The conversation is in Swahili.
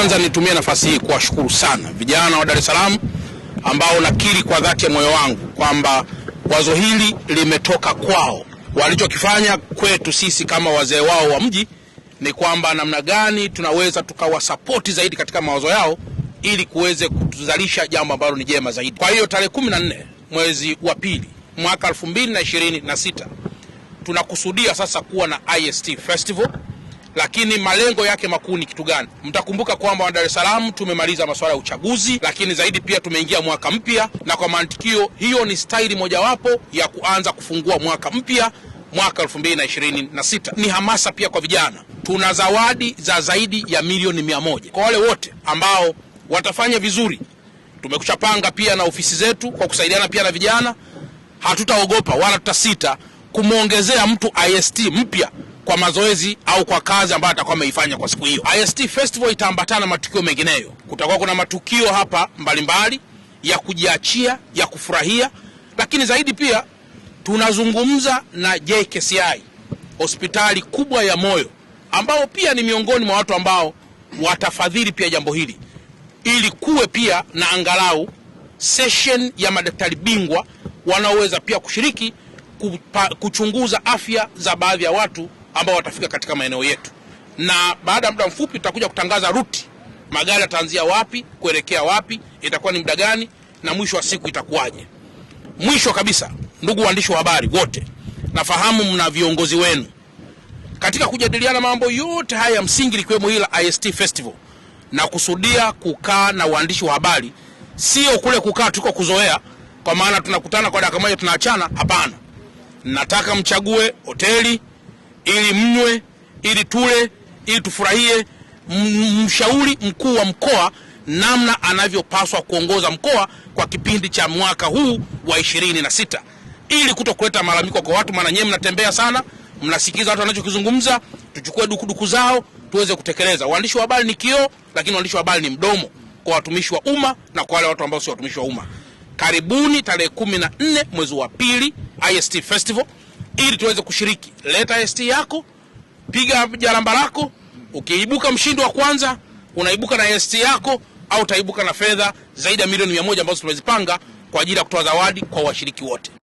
Kwanza nitumie nafasi hii kuwashukuru sana vijana wa Dar es Salaam ambao nakiri kwa dhati ya moyo wangu kwamba wazo hili limetoka kwao. Walichokifanya kwetu sisi kama wazee wao wa mji ni kwamba namna gani tunaweza tukawasapoti zaidi katika mawazo yao ili kuweze kutuzalisha jambo ambalo ni jema zaidi. Kwa hiyo tarehe 14 mwezi wa pili mwaka 2026 tunakusudia sasa kuwa na IST Festival lakini malengo yake makuu ni kitu gani? Mtakumbuka kwamba wa Dar es Salaam tumemaliza masuala ya uchaguzi, lakini zaidi pia tumeingia mwaka mpya, na kwa mantikio hiyo ni staili mojawapo ya kuanza kufungua mwaka mpya mwaka 2026. Ni hamasa pia kwa vijana. Tuna zawadi za zaidi ya milioni 1 moja kwa wale wote ambao watafanya vizuri. Tumekushapanga pia na ofisi zetu kwa kusaidiana pia na vijana, hatutaogopa wala tutasita kumwongezea mtu IST mpya kwa mazoezi au kwa kazi ambayo atakuwa ameifanya kwa siku hiyo. IST Festival itaambatana na matukio mengineyo. Kutakuwa kuna matukio hapa mbalimbali ya kujiachia, ya kufurahia, lakini zaidi pia tunazungumza na JKCI, hospitali kubwa ya moyo, ambao pia ni miongoni mwa watu ambao watafadhili pia jambo hili, ili kuwe pia na angalau session ya madaktari bingwa wanaoweza pia kushiriki kupa, kuchunguza afya za baadhi ya watu ambao watafika katika maeneo yetu, na baada ya muda mfupi tutakuja kutangaza ruti, magari yataanzia wapi kuelekea wapi, itakuwa ni muda gani, na mwisho wa siku itakuwaje. Mwisho kabisa, ndugu waandishi wa habari wote, nafahamu mna viongozi wenu katika kujadiliana mambo yote haya ya msingi, likiwemo hili la IST Festival, na kusudia kukaa na waandishi wa habari, sio kule kukaa tuko kuzoea, kwa maana tunakutana kwa dakika moja tunaachana. Hapana, nataka mchague hoteli ili mnywe, ili tule, ili tufurahie. Mshauri mkuu wa mkoa namna anavyopaswa kuongoza mkoa kwa kipindi cha mwaka huu wa ishirini na sita ili kuto kuleta malalamiko kwa watu, maana nyewe mnatembea sana, mnasikiza watu wanachokizungumza, tuchukue dukuduku zao tuweze kutekeleza. Waandishi wa habari ni kioo, lakini waandishi wa habari ni mdomo kwa watumishi wa umma na kwa wale watu ambao sio watumishi wa umma. Karibuni tarehe kumi na nne mwezi wa pili IST Festival ili tuweze kushiriki. Leta ST yako, piga jaramba lako. Ukiibuka mshindi wa kwanza, unaibuka na ST yako au utaibuka na fedha zaidi ya milioni mia moja ambazo tumezipanga kwa ajili ya kutoa zawadi kwa washiriki wote.